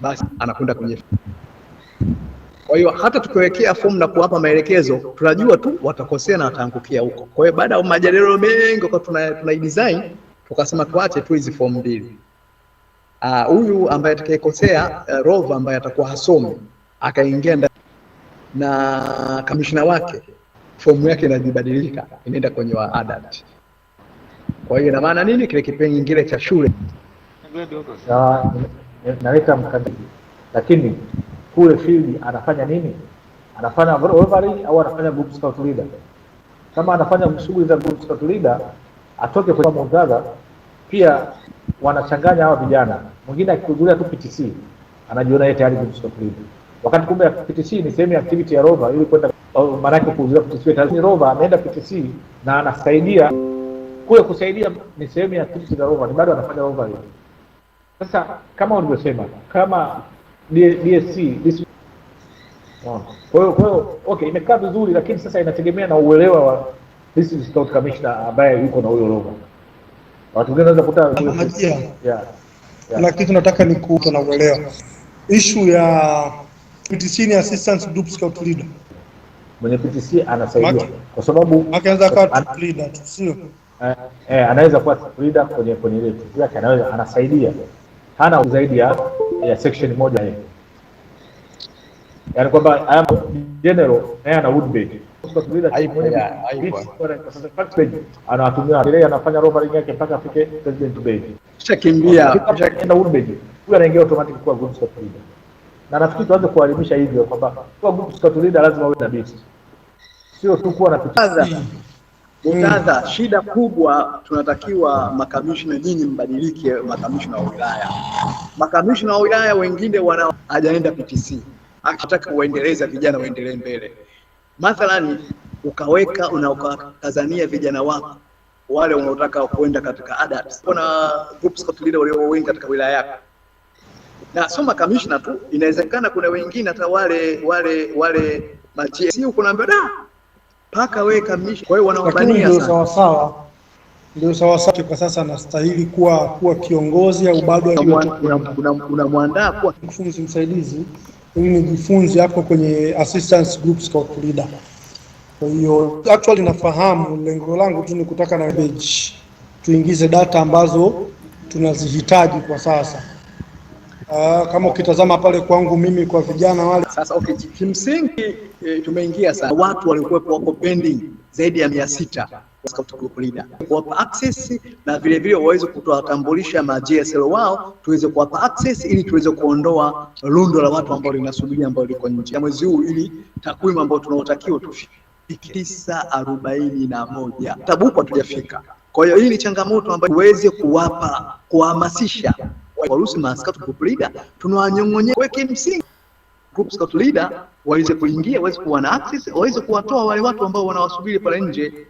basi anakwenda kwenye. Kwa hiyo hata tukiwekea fomu na kuwapa maelekezo, tunajua tu watakosea na wataangukia huko. Kwa hiyo baada ya majadiliano mengi, kwa tuna, tuna design tukasema tuache tu hizi fomu mbili. Ah, huyu uh, ambaye atakayekosea uh, rova ambaye atakuwa hasomi akaingia na kamishina wake, fomu yake inajibadilika inaenda kwenye wa adult. Kwa hiyo ina maana nini kile kipengele cha shule Eh, naleta mkandamizi, lakini kule field anafanya nini? Anafanya referee au anafanya group scout leader? Kama anafanya shughuli za group scout leader, atoke kwa mwangaza. Pia wanachanganya hawa vijana, mwingine akihudhuria tu PTC anajiona yeye tayari group scout leader, wakati kumbe PTC ni sehemu ya activity ya rover ili kwenda maana kuhudhuria PTC tayari rover ameenda PTC na anasaidia kule, kusaidia ni sehemu ya activity za rover, ni bado anafanya rover sasa kama ulivyosema, kama DSC kwa hiyo kwa hiyo okay, imekaa vizuri, lakini sasa inategemea na uelewa wa this is not commissioner ambaye yuko na huyo roho. Watu wengine wanaweza kukuta yeah, yeah. Na kitu nataka ni kuuza na uelewa issue ya PTC ni assistant group scout leader. Mwenye PTC anasaidia kwa sababu anaweza kuwa troop leader sio eh, eh, anaweza kuwa leader kwenye kwenye ile, anaweza anasaidia hana zaidi ya, ya section moja hii, yaani kwamba I am general naye ana woodbeg anawatumia ile anafanya rovering yake mpaka afike president bay, kisha kimbia huyo anaingia automatic kuwa leader. Na nafikiri tuanze kuwaelimisha hivyo kwamba kuwa leader lazima uwe na sio tu kuwa na picha Mm. Sasa mm. shida kubwa tunatakiwa makamishna, nyinyi mbadilike, makamishna wa wilaya. Makamishna wa wilaya wengine wana hajaenda PTC, akitaka kuendeleza vijana waendelee mbele, mathalani ukaweka unakazania vijana wako wale unaotaka kuenda katika ADAT. Kuna group scout leader walio wengi katika wilaya yako, na sio makamishna tu, inawezekana kuna wengine hata wale wale wale maji huko naambia da mpaka wewe kamilisha. Kwa hiyo wanaobania sana, sawa sawa, ndio sawa sawa. Kwa sasa anastahili kuwa kuwa kiongozi au bado unamwandaa kuwa mfunzi msaidizi? Mimi nijifunze hapo kwenye assistance group scout leader. Kwa hiyo actually nafahamu, lengo langu tu ni kutaka na page tuingize data ambazo tunazihitaji kwa sasa. Uh, kama ukitazama pale kwangu mimi kwa vijana wale sasa, okay, kimsingi e, tumeingia sasa, watu waliokuwepo wako pending zaidi ya mia sita scout group leader kuwapa access na vile vile waweze tambulisha ma GSL wao tuweze kuwapa access ili tuweze kuondoa lundo la watu ambao linasubiria ambao liko nje ya mwezi huu, ili takwimu ambayo tunaotakiwa tufike tisa arobaini na moja tabuku hatujafika. Kwa hiyo hii ni changamoto ambayo tuweze kuwapa kuhamasisha Warusi ma Scout Group Leader tunawanyong'onyea weke msingi Group Scout Leader waweze kuingia, waweze kuwa na access, waweze kuwatoa wale watu ambao wanawasubiri pale nje.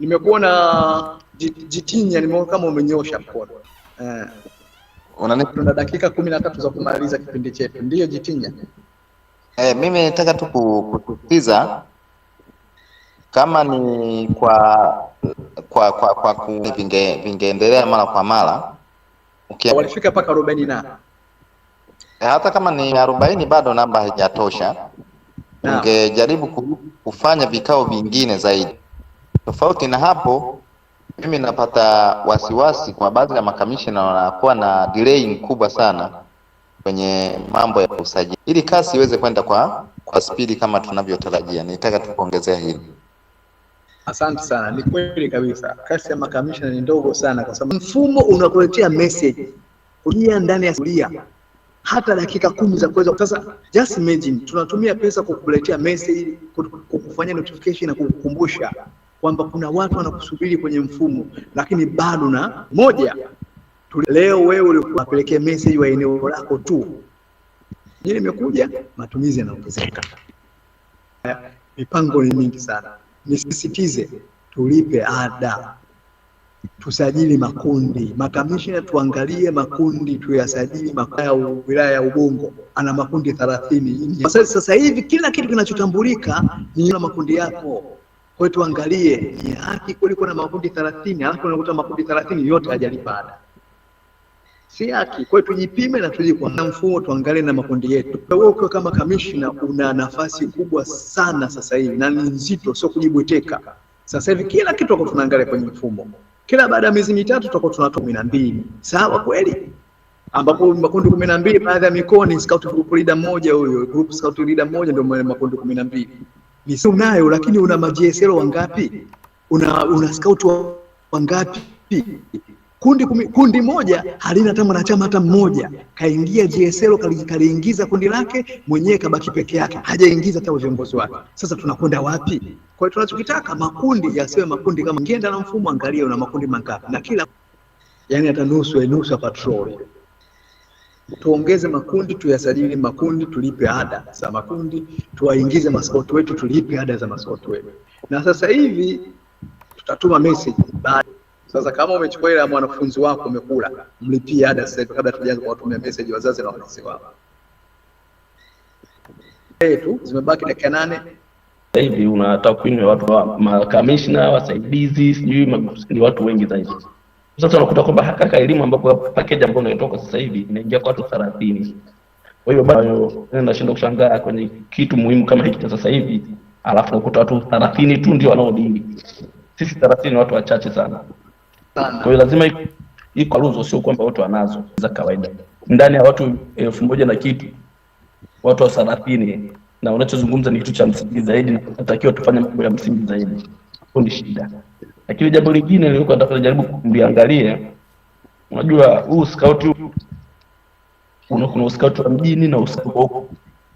Nimekuona Jitinya, nimeona kama umenyosha mkono eh. Tuna dakika kumi na tatu za kumaliza kipindi chetu, ndiyo Jitinya? Eh, mimi nataka tu kusisitiza kama ni kwa kwa kwa, kwa kwa vingeendelea mara kwa mara okay. Walifika mpaka arobaini na eh, hata kama ni arobaini bado namba haijatosha. Ungejaribu kufanya vikao vingine zaidi. Tofauti na hapo, mimi napata wasiwasi kwa baadhi ya makamishna wanakuwa na delay kubwa sana kwenye mambo ya usajili, ili kasi iweze kwenda kwa kwa spidi kama tunavyotarajia. Nitaka tukuongezea hili. Asante sana, ni kweli kabisa. Kasi ya makamishna ni ndogo sana, kwa sababu mfumo unakuletea message kulia ndani ya kulia hata dakika kumi za kuweza. Sasa just imagine, tunatumia pesa kukuletea message, kukufanyia notification na kukukumbusha kwamba kuna watu wanakusubiri kwenye mfumo, lakini bado na moja leo wewe ulikuwa unapelekea message wa eneo lako tu, nyingine imekuja, matumizi yanaongezeka. Mipango ni mingi sana. Nisisitize, tulipe ada, tusajili makundi. Makamishina tuangalie makundi, tuyasajili makundi ya wilaya ya Ubungo ana makundi thelathini. Sasa hivi kila kitu kinachotambulika ni makundi yako. Kwa hiyo tuangalie ni haki kuliko na makundi thelathini, alafu unakuta makundi thelathini yote hajalipa ada si haki. Kwa hiyo tujipime na tujikwa mfumo, tuangalie na makundi yetu. Wewe ukiwa kama kamishna una nafasi kubwa sana sasa hivi na ni nzito, sio kujibweteka. Sasa hivi kila kitu kwa tunaangalia kwenye mfumo, kila baada ya miezi mitatu tutakuwa tunatoa kumi na mbili, sawa kweli, ambapo makundi kumi na mbili baadhi ya mikoa ni scout group leader mmoja, huyo group scout leader mmoja ndio mwenye makundi kumi na mbili misimu nayo, lakini una majeselo wangapi? Una, una scout wangapi? kundi kumi, kundi moja halina hata mwanachama hata mmoja. Kaingia GSL kaliingiza kundi lake mwenyewe, kabaki peke yake, hajaingiza hata viongozi wake. Sasa tunakwenda wapi? Kwa hiyo tunachokitaka makundi yasiwe makundi kama ngienda na mfumo, angalia una makundi mangapi, na kila yani hata nusu ya nusu ya patrol. Tuongeze makundi, tuyasajili makundi, tulipe ada za makundi, tuwaingize maskoti wetu, tulipe ada za maskoti wetu, na sasa hivi tutatuma message baada sasa kama umechukua ile ya mwanafunzi wako umekula, mlipie ada sasa hivi kabla tujaanza kuwatumia message wazazi na wanafunzi wao. Yetu zimebaki dakika nane. Sasa hivi una takwimu ya watu wa makamishna, wasaidizi, sijui ni watu wengi zaidi. Sasa unakuta kwamba hakaka elimu ambapo package ambayo inatoka sasa hivi inaingia kwa watu 30. Kwa hiyo bado nashindwa kushangaa kwenye kitu muhimu kama hiki cha sasa hivi, alafu unakuta watu 30 tu ndio wanaodili. Sisi 30 ni watu wachache sana sana. Kwa hiyo lazima hii kwa Kalunzo, sio kwamba watu wanazo za kawaida. Ndani ya watu elfu moja na kitu watu wa thelathini, na unachozungumza ni kitu cha msingi zaidi, natakiwa tufanye mambo ya msingi zaidi. Hiyo ni shida. Lakini jambo lingine nilikuwa nataka kujaribu kuliangalia, unajua huu scout kuna kuna scout wa mjini na scout huko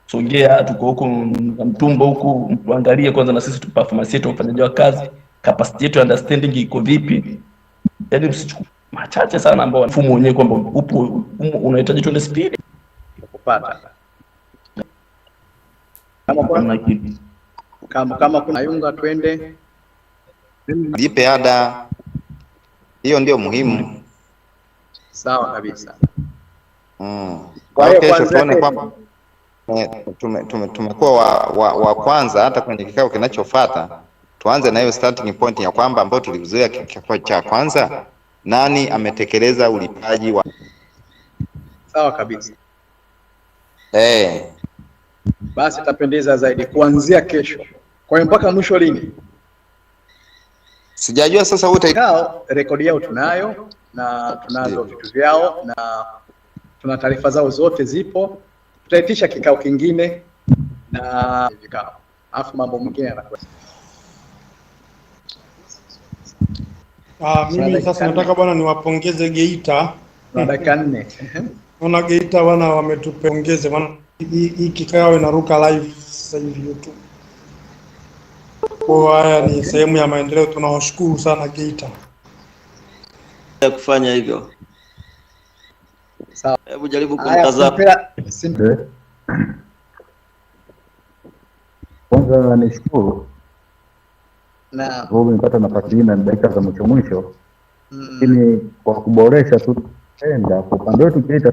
Songea, tuko huko na mtumbo huko, tuangalie kwanza na sisi tu performance yetu, ufanyaji wa kazi, capacity yetu, understanding iko vipi? yani machache sana ambao mfumo wenyewe kwamba upo unahitaji twende spidi kupata kama kuna, kama, kama kuna yunga twende lipe ada hiyo ndio muhimu. Sawa kabisa. Mm. Kwa hiyo kesho tuone kwamba eh, tumekuwa wa, wa, wa kwanza hata kwenye kikao kinachofuata tuanze na hiyo starting point ya kwamba ambayo tulizuia cha kwanza, nani ametekeleza ulipaji wa sawa kabisa. Hey. Eh. Basi itapendeza zaidi kuanzia kesho. Kwa hiyo mpaka mwisho lini sijajua. Sasa wote rekodi yao tunayo na tunazo vitu vyao na tuna taarifa zao zote zipo. Tutaitisha kikao kingine na vikao, alafu mambo mengine yanakuwa Ah, mimi sasa kane. nataka bwana niwapongeze Geita. Na dakika nne. Naona Geita bwana wametupongeze bwana hii kikao inaruka live sasa hivi YouTube. Kwa haya ni okay, sehemu ya maendeleo. Tunawashukuru sana Geita ya kufanya hivyo. Sawa. Hebu jaribu kumtazama. Kwanza nishukuru sababu nipata nafasi hii na dakika za mwisho mwisho, lakini kwa kuboresha tu tenda kwa upande wetu Geita.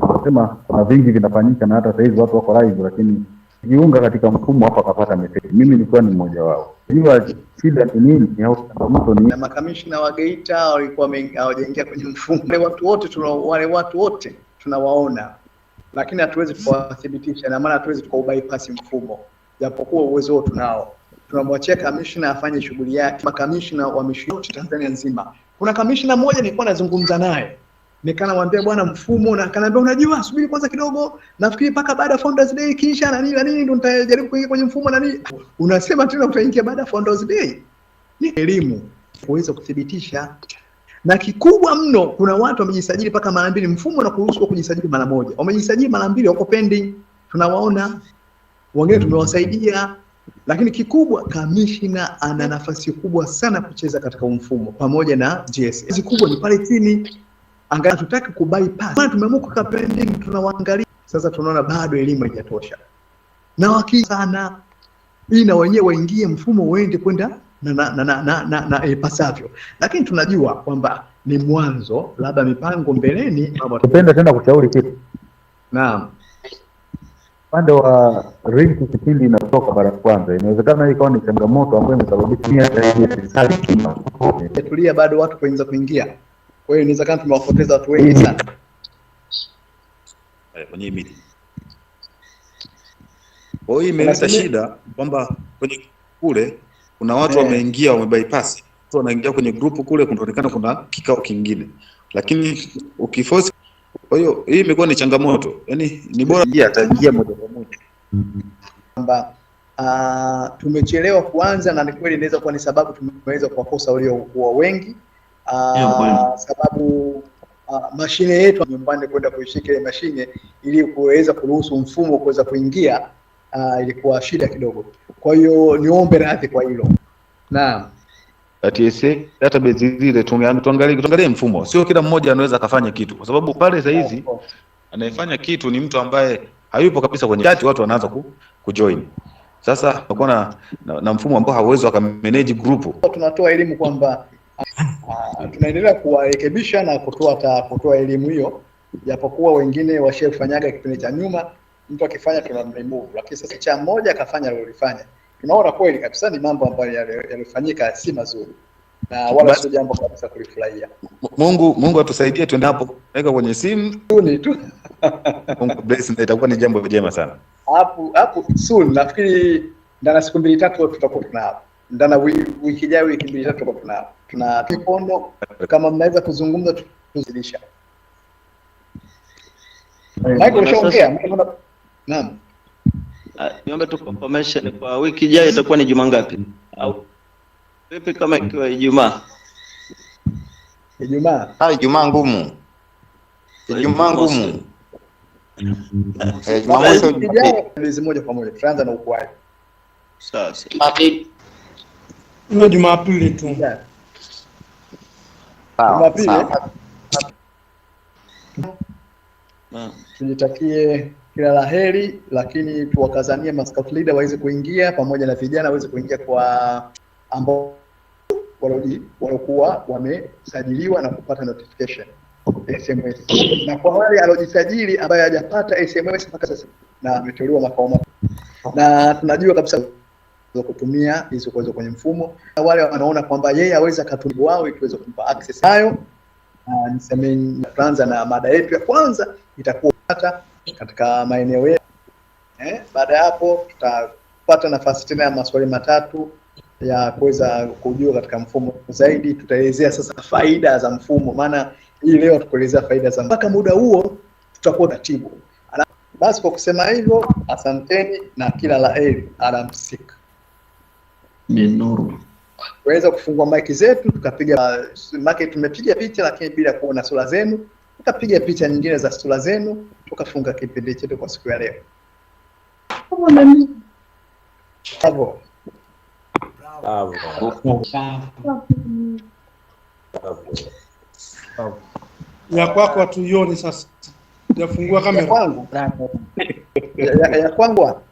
tunasema kuna vingi vinafanyika, na hata sahizi watu wako live, lakini jiunga katika mfumo hapa akapata meseji. Mimi nilikuwa ni mmoja wao. Jua shida ni nini au changamoto ni na makamishina wa Geita walikuwa hawajaingia kwenye mfumo. Wale watu wote tuna wale watu wote tunawaona, lakini hatuwezi tukawathibitisha na maana hatuwezi tukaubypass mfumo, japokuwa uwezo tunao tunamwachia kamishna afanye shughuli yake. Makamishna wa mishioti Tanzania nzima, kuna kamishna mmoja nilikuwa nazungumza naye nikanamwambia bwana mfumo, na kanaambia unajua, subiri kwanza kidogo, nafikiri mpaka baada ya Founders Day kisha na nini na nini ndo nitajaribu kuingia kwenye mfumo na nini. Unasema tena utaingia baada ya Founders Day? Ni elimu kuweza kuthibitisha, na kikubwa mno, kuna watu wamejisajili mpaka mara mbili. Mfumo unakuruhusu kujisajili mara moja, wamejisajili mara mbili, wako pending, tunawaona wengine, tumewasaidia lakini kikubwa, kamishna ana nafasi kubwa sana kucheza katika mfumo pamoja na GSM. kubwa ni pale chini, angalia, tutaki ku bypass. Maana tumeamua kwa branding, tunawaangalia sasa, tunaona bado elimu haijatosha, na waki sana hii, na wenyewe waingie mfumo uende kwenda na, na, na, na, na, na, na, e, pasavyo, lakini tunajua kwamba ni mwanzo, labda mipango mbeleni. Tupenda tena kushauri kitu naam upande wa rinki kipindi inatoka mara ya kwanza, inawezekana ikawa ni changamoto ambayo imesababisha tulia bado watu kuanza kuingia. Kwa hiyo inawezekana tumewapoteza watu wengi sana eh, kwenye miti. Kwa hiyo imeleta shida kwamba kwenye kule kuna watu eh. wameingia, wamebypass, wanaingia kwenye grupu kule, kunaonekana kuna kikao kingine, lakini ukiforce kwa hiyo hii imekuwa ni changamoto, yani ni bora ataingia moja kwa moja kwamba uh, tumechelewa kuanza, na ni kweli inaweza kuwa ni sababu tumeweza kuwakosa waliokuwa wengi uh, sababu Uh, mashine yetu nyumbani kwenda kuishika ile mashine ili kuweza kuruhusu mfumo kuweza kuingia, uh, ilikuwa shida kidogo. Kwa hiyo niombe radhi kwa hilo. Naam. TSA eh, database ile, tuangalie tuangalie mfumo, sio kila mmoja anaweza akafanya kitu, kwa sababu pale saizi anayefanya kitu ni mtu ambaye hayupo kabisa kwenye chat, watu wanaanza ku, kujoin. Sasa tunakuwa na, na, na mfumo ambao hauwezi akamanage group. Tunatoa elimu kwamba ah, tunaendelea kuwarekebisha na kutoa kutoa elimu hiyo, japokuwa wengine washefanyaga kipindi cha nyuma, mtu akifanya tunamremove, lakini sasa cha mmoja akafanya alilofanya tunaona kweli kabisa ni mambo ambayo yaliyofanyika si mazuri na wala sio jambo kabisa kulifurahia. Mungu Mungu atusaidie tuende hapo weka kwenye simu tuni tu Mungu bless, na itakuwa ni jambo jema sana hapo hapo. Soon nafikiri ndana siku mbili tatu tutakuwa tunao, ndana wiki ijayo, wiki mbili tatu tutakuwa tunao. Tuna mikono kama mnaweza kuzungumza, tuzidisha Michael, ushaongea. Naam. Ah, niombe tu confirmation kwa wiki ijayo itakuwa ni juma ngapi au vipi? Kama ikiwa Ijumaa, Ijumaa ah, Ijumaa ngumu, Ijumaa ngumu, eh, moja kwa moja tutaanza na ukuaji. Sasa hiyo Jumapili tu, Jumapili eh? tujitakie kila la heri, lakini tuwakazanie ma leader waweze kuingia pamoja na vijana waweze kuingia kwa ambao waliokuwa wamesajiliwa na kupata notification SMS na kwa wale aliojisajili ambaye hajapata SMS mpaka sasa na ameteuliwa makao makuu, na tunajua kabisa za kutumia hizo kuweza kwenye mfumo, na wale wanaona kwamba yeye aweza katungu wao tuweze kumpa access hayo. Niseme tuanza na mada yetu ya kwanza itakuwa pata katika maeneo yetu eh. Baada ya hapo tutapata nafasi tena ya maswali matatu ya kuweza kujua katika mfumo zaidi. Tutaelezea sasa faida za mfumo, maana hii leo tukuelezea faida za mpaka muda huo tutakuwa taratibu. Basi kwa kusema hivyo, asanteni na kila la heri. Alamsika. Ni nuru kuweza kufungua maiki zetu tukapiga maiki. Tumepiga picha lakini bila kuona sura zenu tukapiga picha nyingine za sura zenu, tukafunga kipindi chetu kwa siku ya leo. Bravo. Ya kwako hatuioni sasa. Nafungua kamera. Ya kwangu. Ya kwangu.